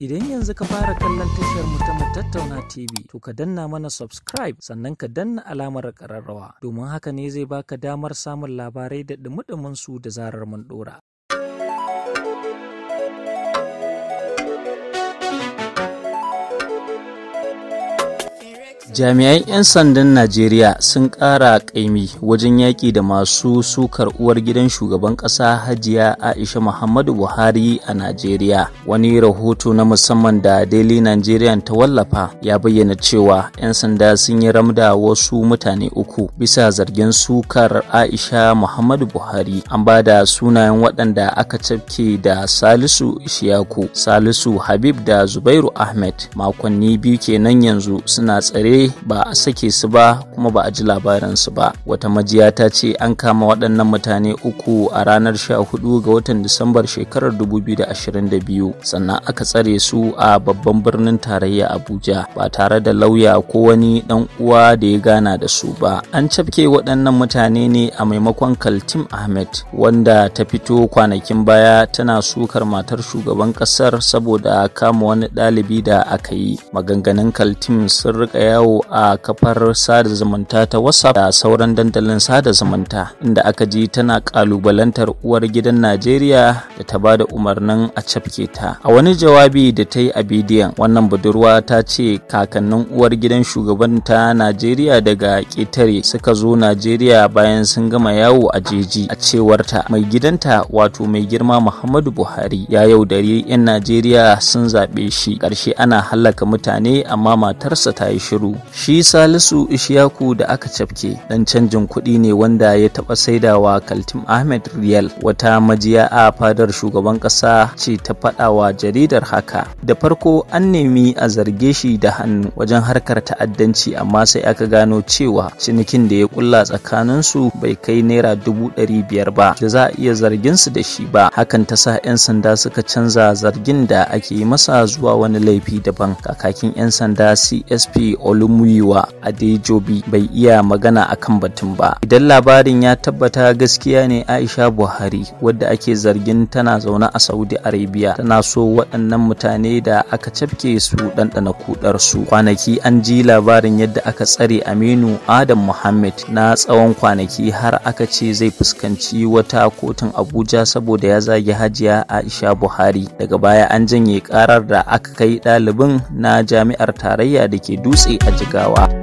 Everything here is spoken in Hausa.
Idan yanzu ka fara kallon tashar mu ta tattauna TV, to ka danna mana subscribe sannan ka danna alamar ƙararrawa, domin haka ne zai baka damar samun labarai da dumi su da zarar mun ɗora. jami'an 'yan sandan najeriya sun ƙara ƙaimi wajen yaƙi da masu sukar uwar gidan shugaban ƙasa hajiya aisha muhammadu buhari a najeriya wani rahoto na musamman da daily nigerian ta wallafa ya bayyana cewa 'yan sanda sun yi ramda wasu mutane uku bisa zargin sukar aisha muhammadu buhari an ba da sunayen waɗanda aka cafke da salisu Ishiyaku, salisu habib da zubairu ahmed makonni biyu kenan yanzu suna tsare ba a sake su ba kuma ba a ji su ba wata majiya ta ce an kama waɗannan mutane uku a ranar 14 ga watan disambar shekarar 2022 sannan aka tsare su a babban birnin tarayya abuja ba tare da lauya ko wani ɗan uwa da ya gana da su ba an cafke waɗannan mutane ne a maimakon kaltim ahmed wanda ta fito kwanakin baya tana sukar matar shugaban ƙasar saboda kama wani ɗalibi da aka yi maganganun kaltim sun rika yawo yau a kafar sada zumunta ta WhatsApp da sauran dandalin sada zumunta inda aka ji tana kalubalantar uwar gidan Najeriya da ta bada umarnin a cafke ta. A wani jawabi da ta yi a bidiyon wannan budurwa ta ce kakannin uwar gidan shugaban ta Najeriya daga ƙetare suka zo Najeriya bayan sun gama yawo a jeji a cewar ta mai gidanta wato mai girma Muhammadu Buhari ya yaudare 'yan Najeriya sun zaɓe shi ƙarshe ana hallaka mutane amma matarsa ta yi shiru Shi Salisu ishiyaku da aka cafke dan canjin kuɗi ne wanda ya taɓa saidawa Kaltim Ahmed Riyal wata majiya a fadar shugaban ƙasa ce ta faɗawa jaridar haka. Da farko an nemi a zarge shi da hannu wajen harkar ta'addanci amma sai aka gano cewa cinikin da ya kulla su bai kai naira dubu ɗari biyar ba da za a iya zargin su da shi ba hakan ta sa 'yan sanda suka canza zargin da ake masa zuwa wani laifi daban kakakin 'yan sanda CSP Olum muyiwa adejobi bai iya magana akan batun ba idan labarin ya tabbata gaskiya ne aisha buhari wadda ake zargin tana zaune a saudi arabia tana so waɗannan mutane da aka cafke su ɗanɗana kudar su kwanaki an ji labarin yadda aka tsare aminu adam muhammad na tsawon kwanaki har aka ce zai fuskanci wata kotun abuja saboda ya zagi hajiya aisha buhari daga baya an janye karar da aka kai ɗalibin na jami'ar tarayya da ke dutse a to go up.